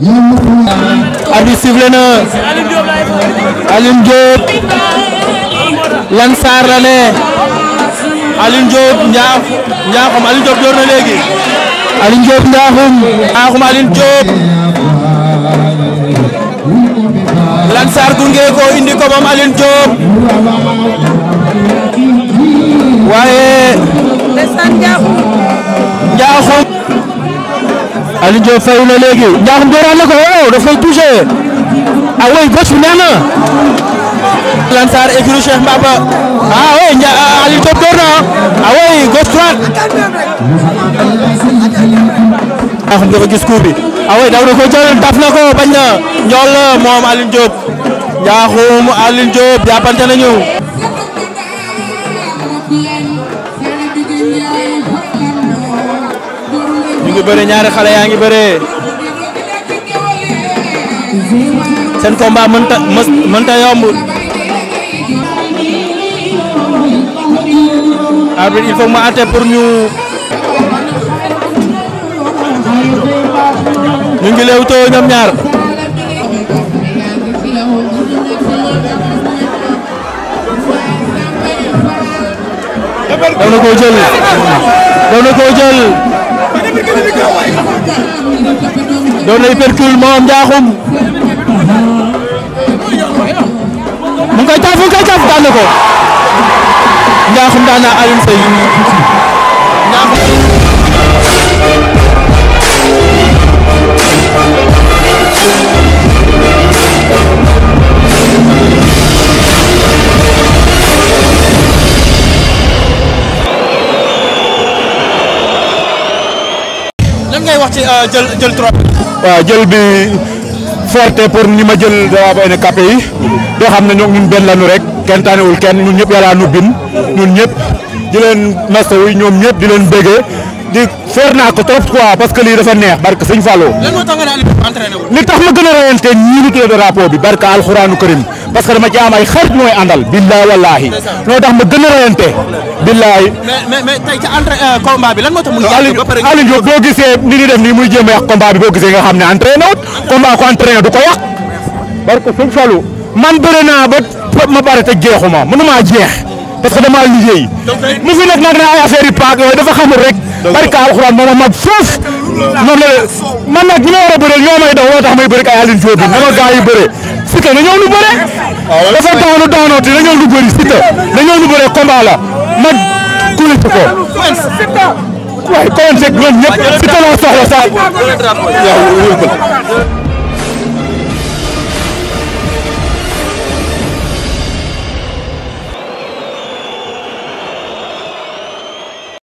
arbitre sifflé na Alioune Diop lan la ne Alioune Diop Ndiakhou Ndiakhoum Alioune Diop door na léegi Alioune Diop Ndiakhoum Ndiakhoum Alioune Diop indi ko moom Alioune Aliou Diop fay na léegi Ndiakhoum dooran na ko waaw oh, daf koy touché ah oui gauche bi nee na. Lansar écurie Cheikh Mbaba ah oui ah, ah, door na ah oui gauche droite. Ndiakhoum dafa gis coup bi ah, na ko jël na ko bañ na ñool moom Aliou Diop Ndiakhoum Aliou Diop jàppante nañu. di ñaari xale yaa ngi bëre seen combat mënta mënta yomb arbitre il faut ma atte pour ñu ñu ngi leewtoo ñoom ñaar daw na ko jël daw na ko jël doon na hypercule moom Ndiakhoum mu ngi koy caaf mu ngi koy caaf daan na ko Ndiakhoum daan na Alioune Seye lan ngay wax ci euh, jël jël trophée waaw jël bi forte pour ni ma jël dawaa ba NKP yi doo xam ne ñoom ñun benn lañu rek kenn tànnewul kenn ñun ñëpp yàlla nu bin ñun ñëpp di leen masawu ñoom ñëpp di leen béggee di feer naa ko trop quoi parce que lii dafa neex barke sëñ Fallou. lan tax nga naan entraîné wu. li tax ma gën a rayante ñii ñu tuddee bi barke alxuraanu karim parce que dama ci am ay xarit mooy àndal. billaay wallaahi. loolu tax ma gën a reyante. billaay. Euh, lan moo tax mu yàgg boo gisee ni def nii muy jéem a yàq boo gisee nga xam ne entraîné wut. ko entraîné ko yàq. man bëri naa ba ma pare te jeexuma mënuma jeex. parce que damaa liggéey. mu fi nekk nag na ay affaire yu paak yooyu dafa xamul rek. barka alxuraan moom mag foofu. moom nag ñu ma war a bëreel ñoo may daw woo tax may bëri ak ay Aliou Diop bi na ma gaa yi Siteu dañoo lu la waaw dafa daanu daanooti dañoo lu bëri Siteu dañoo lu bëre combat la mag kuule ci ko. waaye commencé ak ñoom ñëpp Siteu la soxla sax.